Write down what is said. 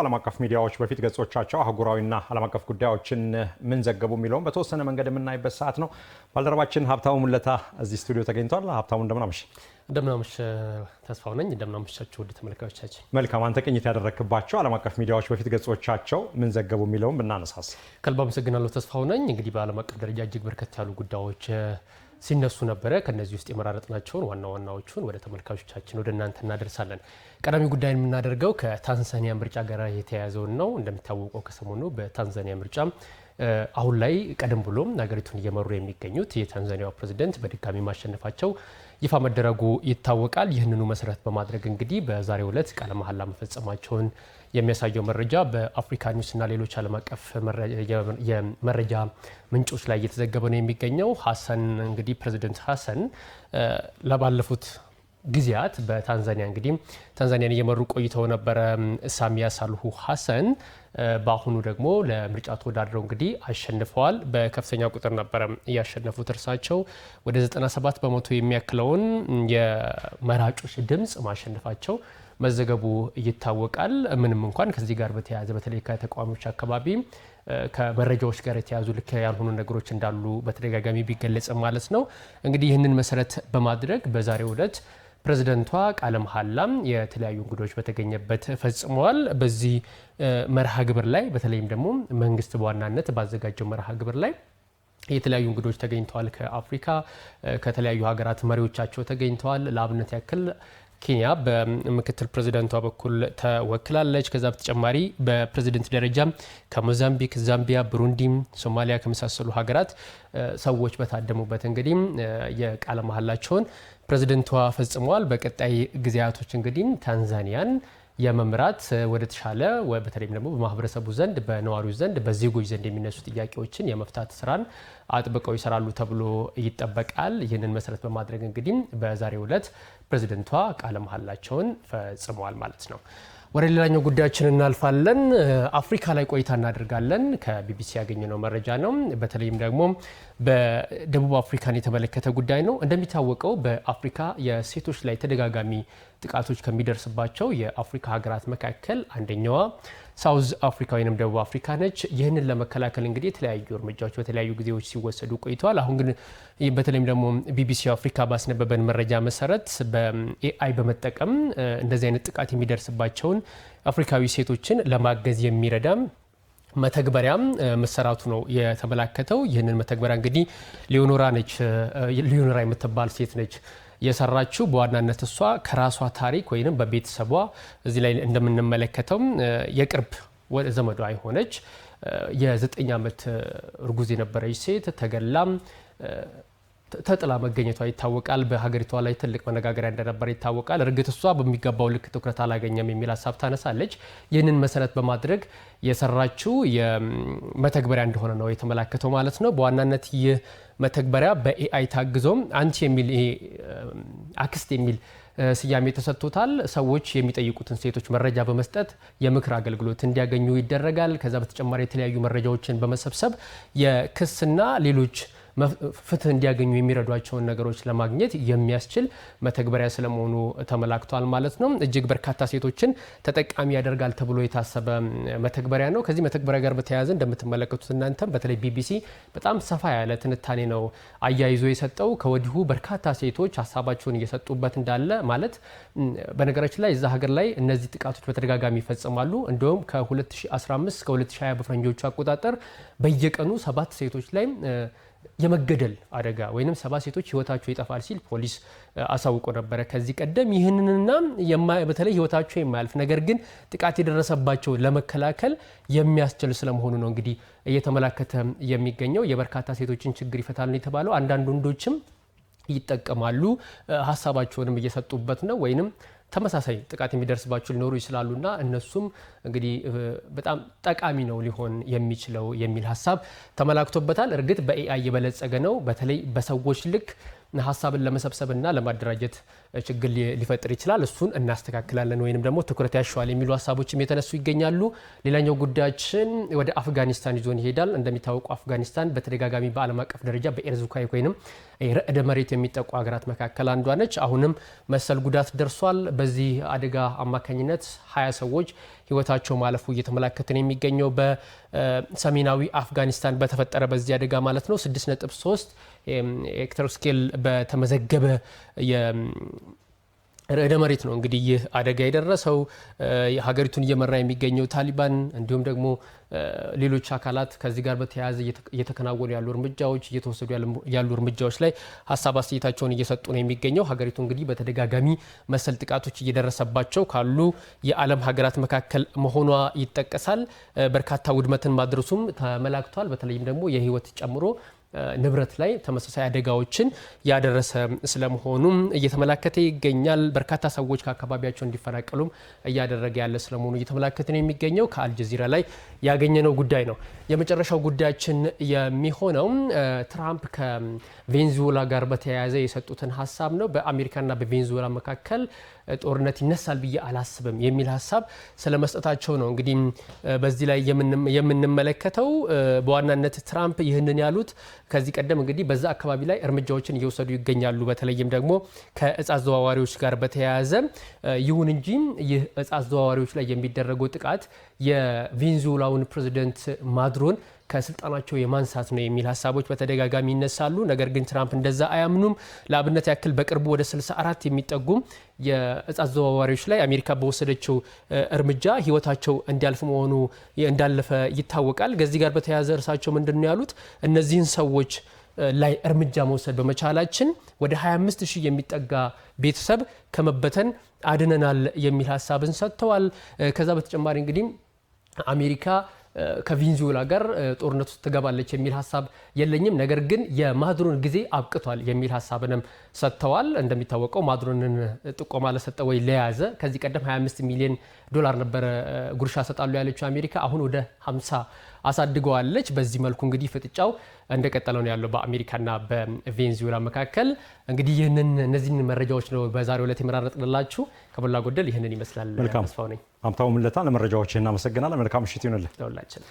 ዓለም አቀፍ ሚዲያዎች በፊት ገጾቻቸው አህጉራዊና ዓለም አቀፍ ጉዳዮችን ምን ዘገቡ የሚለውን በተወሰነ መንገድ የምናይበት ሰዓት ነው። ባልደረባችን ሀብታሙ ሙለታ እዚህ ስቱዲዮ ተገኝቷል። ሀብታሙ እንደምናምሽ። እንደምናምሽ ተስፋው ነኝ። እንደምናምሻቸው ውድ ተመልካዮቻችን። መልካም አንተ ቅኝት ያደረክባቸው ዓለም አቀፍ ሚዲያዎች በፊት ገጾቻቸው ምን ዘገቡ የሚለውን ብናነሳስ። ከልብ አመሰግናለሁ ተስፋው ነኝ። እንግዲህ በዓለም አቀፍ ደረጃ እጅግ በርከት ያሉ ጉዳዮች ሲነሱ ነበረ። ከነዚህ ውስጥ የመራረጥናቸውን ዋና ዋናዎቹን ወደ ተመልካቾቻችን ወደ እናንተ እናደርሳለን። ቀዳሚ ጉዳይ የምናደርገው ከታንዛኒያ ምርጫ ጋር የተያያዘውን ነው። እንደሚታወቀው ከሰሞኑ በታንዛኒያ ምርጫ አሁን ላይ ቀደም ብሎም ሀገሪቱን እየመሩ የሚገኙት የታንዛኒያው ፕሬዚደንት በድጋሚ ማሸነፋቸው ይፋ መደረጉ ይታወቃል። ይህንኑ መሰረት በማድረግ እንግዲህ በዛሬው ዕለት ቃለ መሐላ መፈጸማቸውን የሚያሳየው መረጃ በአፍሪካ ኒውስና ሌሎች ዓለም አቀፍ የመረጃ ምንጮች ላይ እየተዘገበ ነው የሚገኘው። ሀሰን እንግዲህ ፕሬዚደንት ሀሰን ለባለፉት ጊዜያት በታንዛኒያ እንግዲህ ታንዛኒያን እየመሩ ቆይተው ነበረ ሳሚያ ሳልሁ ሀሰን። በአሁኑ ደግሞ ለምርጫ ተወዳድረው እንግዲህ አሸንፈዋል። በከፍተኛ ቁጥር ነበረ እያሸነፉት እርሳቸው ወደ 97 በመቶ የሚያክለውን የመራጮች ድምፅ ማሸነፋቸው መዘገቡ ይታወቃል። ምንም እንኳን ከዚህ ጋር በተያያዘ በተለይ ከተቃዋሚዎች አካባቢ ከመረጃዎች ጋር የተያዙ ልክ ያልሆኑ ነገሮች እንዳሉ በተደጋጋሚ ቢገለጽ ማለት ነው። እንግዲህ ይህንን መሰረት በማድረግ በዛሬው ዕለት ፕሬዝደንቷ ቃለ መሐላም የተለያዩ እንግዶች በተገኘበት ፈጽመዋል። በዚህ መርሃ ግብር ላይ በተለይም ደግሞ መንግስት በዋናነት ባዘጋጀው መርሃ ግብር ላይ የተለያዩ እንግዶች ተገኝተዋል። ከአፍሪካ ከተለያዩ ሀገራት መሪዎቻቸው ተገኝተዋል። ለአብነት ያክል ኬንያ በምክትል ፕሬዚደንቷ በኩል ተወክላለች። ከዛ በተጨማሪ በፕሬዚደንት ደረጃ ከሞዛምቢክ፣ ዛምቢያ፣ ብሩንዲ፣ ሶማሊያ ከመሳሰሉ ሀገራት ሰዎች በታደሙበት እንግዲህ የቃለ መሀላቸውን ፕሬዚደንቷ ፈጽመዋል። በቀጣይ ጊዜያቶች እንግዲህ ታንዛኒያን የመምራት ወደ ተሻለ በተለይም ደግሞ በማህበረሰቡ ዘንድ በነዋሪው ዘንድ በዜጎች ዘንድ የሚነሱ ጥያቄዎችን የመፍታት ስራን አጥብቀው ይሰራሉ ተብሎ ይጠበቃል። ይህንን መሰረት በማድረግ እንግዲህ በዛሬው ዕለት ፕሬዚደንቷ ቃለ መሀላቸውን ፈጽመዋል ማለት ነው። ወደ ሌላኛው ጉዳያችን እናልፋለን። አፍሪካ ላይ ቆይታ እናደርጋለን። ከቢቢሲ ያገኘነው መረጃ ነው። በተለይም ደግሞ በደቡብ አፍሪካን የተመለከተ ጉዳይ ነው። እንደሚታወቀው በአፍሪካ የሴቶች ላይ ተደጋጋሚ ጥቃቶች ከሚደርስባቸው የአፍሪካ ሀገራት መካከል አንደኛዋ ሳውዝ አፍሪካ ወይም ደቡብ አፍሪካ ነች። ይህንን ለመከላከል እንግዲህ የተለያዩ እርምጃዎች በተለያዩ ጊዜዎች ሲወሰዱ ቆይተዋል። አሁን ግን በተለይም ደግሞ ቢቢሲ አፍሪካ ባስነበበን መረጃ መሰረት በኤአይ በመጠቀም እንደዚህ አይነት ጥቃት የሚደርስባቸውን አፍሪካዊ ሴቶችን ለማገዝ የሚረዳ መተግበሪያም መሰራቱ ነው የተመላከተው። ይህንን መተግበሪያ እንግዲህ ሊዮኖራ ነች ሊዮኖራ የምትባል ሴት ነች የሰራችው በዋናነት እሷ ከራሷ ታሪክ ወይም በቤተሰቧ እዚህ ላይ እንደምንመለከተውም የቅርብ ዘመዷ የሆነች የዘጠኝ ዓመት እርጉዝ የነበረች ሴት ተገላም ተጥላ መገኘቷ ይታወቃል። በሀገሪቷ ላይ ትልቅ መነጋገሪያ እንደነበረ ይታወቃል። እርግጥ እሷ በሚገባው ልክ ትኩረት አላገኘም የሚል ሀሳብ ታነሳለች። ይህንን መሰረት በማድረግ የሰራችው መተግበሪያ እንደሆነ ነው የተመላከተው ማለት ነው። በዋናነት ይህ መተግበሪያ በኤአይ ታግዞም አንቺ የሚል አክስት የሚል ስያሜ ተሰጥቶታል። ሰዎች የሚጠይቁትን ሴቶች መረጃ በመስጠት የምክር አገልግሎት እንዲያገኙ ይደረጋል። ከዛ በተጨማሪ የተለያዩ መረጃዎችን በመሰብሰብ የክስና ሌሎች ፍትህ እንዲያገኙ የሚረዷቸውን ነገሮች ለማግኘት የሚያስችል መተግበሪያ ስለመሆኑ ተመላክቷል ማለት ነው። እጅግ በርካታ ሴቶችን ተጠቃሚ ያደርጋል ተብሎ የታሰበ መተግበሪያ ነው። ከዚህ መተግበሪያ ጋር በተያያዘ እንደምትመለከቱት እናንተም በተለይ ቢቢሲ በጣም ሰፋ ያለ ትንታኔ ነው አያይዞ የሰጠው። ከወዲሁ በርካታ ሴቶች ሀሳባቸውን እየሰጡበት እንዳለ ማለት በነገራችን ላይ እዛ ሀገር ላይ እነዚህ ጥቃቶች በተደጋጋሚ ይፈጽማሉ። እንዲሁም ከ2015 እስከ 2020 በፈረንጆቹ አቆጣጠር በየቀኑ ሰባት ሴቶች ላይ የመገደል አደጋ ወይም ሰባ ሴቶች ህይወታቸው ይጠፋል ሲል ፖሊስ አሳውቆ ነበረ ከዚህ ቀደም። ይህንንና በተለይ ህይወታቸው የማያልፍ ነገር ግን ጥቃት የደረሰባቸው ለመከላከል የሚያስችል ስለመሆኑ ነው እንግዲህ እየተመላከተ የሚገኘው። የበርካታ ሴቶችን ችግር ይፈታል ነው የተባለው። አንዳንድ ወንዶችም ይጠቀማሉ፣ ሀሳባቸውንም እየሰጡበት ነው ወይም ተመሳሳይ ጥቃት የሚደርስባቸው ሊኖሩ ይችላሉና እነሱም እንግዲህ በጣም ጠቃሚ ነው ሊሆን የሚችለው የሚል ሀሳብ ተመላክቶበታል። እርግጥ በኤአይ የበለጸገ ነው። በተለይ በሰዎች ልክ ሀሳብን ለመሰብሰብና ለማደራጀት ችግር ሊፈጥር ይችላል። እሱን እናስተካክላለን ወይንም ደግሞ ትኩረት ያሸዋል የሚሉ ሀሳቦችም የተነሱ ይገኛሉ። ሌላኛው ጉዳያችን ወደ አፍጋኒስታን ይዞን ይሄዳል። እንደሚታወቁ አፍጋኒስታን በተደጋጋሚ በዓለም አቀፍ ደረጃ በኤርዙካይ ወይንም ረዕደ መሬት የሚጠቁ ሀገራት መካከል አንዷ ነች። አሁንም መሰል ጉዳት ደርሷል። በዚህ አደጋ አማካኝነት ሀያ ሰዎች ህይወታቸው ማለፉ እየተመላከትን የሚገኘው በሰሜናዊ አፍጋኒስታን በተፈጠረ በዚህ አደጋ ማለት ነው 6.3 ሄክተር ስኬል በተመዘገበ ርዕደ መሬት ነው እንግዲህ ይህ አደጋ የደረሰው። ሀገሪቱን እየመራ የሚገኘው ታሊባን እንዲሁም ደግሞ ሌሎች አካላት ከዚህ ጋር በተያያዘ እየተከናወኑ ያሉ እርምጃዎች እየተወሰዱ ያሉ እርምጃዎች ላይ ሀሳብ አስተያየታቸውን እየሰጡ ነው የሚገኘው። ሀገሪቱ እንግዲህ በተደጋጋሚ መሰል ጥቃቶች እየደረሰባቸው ካሉ የዓለም ሀገራት መካከል መሆኗ ይጠቀሳል። በርካታ ውድመትን ማድረሱም ተመላክቷል። በተለይም ደግሞ የህይወት ጨምሮ ንብረት ላይ ተመሳሳይ አደጋዎችን ያደረሰ ስለመሆኑም እየተመላከተ ይገኛል። በርካታ ሰዎች ከአካባቢያቸው እንዲፈናቀሉም እያደረገ ያለ ስለመሆኑ እየተመላከተ ነው የሚገኘው። ከአልጀዚራ ላይ ያገኘነው ጉዳይ ነው። የመጨረሻው ጉዳያችን የሚሆነው ትራምፕ ከቬንዙዌላ ጋር በተያያዘ የሰጡትን ሀሳብ ነው። በአሜሪካና በቬንዙዌላ መካከል ጦርነት ይነሳል ብዬ አላስብም የሚል ሀሳብ ስለመስጠታቸው ነው። እንግዲህ በዚህ ላይ የምንመለከተው በዋናነት ትራምፕ ይህንን ያሉት ከዚህ ቀደም እንግዲህ በዛ አካባቢ ላይ እርምጃዎችን እየወሰዱ ይገኛሉ። በተለይም ደግሞ ከእጽ አዘዋዋሪዎች ጋር በተያያዘ ይሁን እንጂ ይህ እጽ አዘዋዋሪዎች ላይ የሚደረገው ጥቃት የቬንዙዌላውን ፕሬዚደንት ማዱሮን ከስልጣናቸው የማንሳት ነው የሚል ሀሳቦች በተደጋጋሚ ይነሳሉ። ነገር ግን ትራምፕ እንደዛ አያምኑም። ለአብነት ያክል በቅርቡ ወደ 64 የሚጠጉም የእጽ አዘዋዋሪዎች ላይ አሜሪካ በወሰደችው እርምጃ ህይወታቸው እንዲያልፍ መሆኑ እንዳለፈ ይታወቃል። ከዚህ ጋር በተያያዘ እርሳቸው ምንድን ነው ያሉት እነዚህን ሰዎች ላይ እርምጃ መውሰድ በመቻላችን ወደ 25 ሺህ የሚጠጋ ቤተሰብ ከመበተን አድነናል የሚል ሀሳብን ሰጥተዋል። ከዛ በተጨማሪ እንግዲህ አሜሪካ ከቬንዙዌላ ጋር ጦርነት ውስጥ ትገባለች የሚል ሀሳብ የለኝም። ነገር ግን የማድሮን ጊዜ አብቅቷል የሚል ሀሳብንም ሰጥተዋል። እንደሚታወቀው ማድሮንን ጥቆማ ለሰጠ ወይ ለያዘ ከዚህ ቀደም 25 ሚሊዮን ዶላር ነበረ ጉርሻ ሰጣሉ ያለችው አሜሪካ አሁን ወደ 50 አሳድገዋለች። በዚህ መልኩ እንግዲህ ፍጥጫው እንደቀጠለ ነው ያለው በአሜሪካና በቬንዙዌላ መካከል። እንግዲህ ይህንን እነዚህን መረጃዎች ነው በዛሬው ዕለት የመራረጥንላችሁ። ከሞላ ጎደል ይህንን ይመስላል። ተስፋው ነኝ። ሀብታሙ ምለታ ለመረጃዎች እናመሰግናለን። መልካም ምሽት ይሆንልን።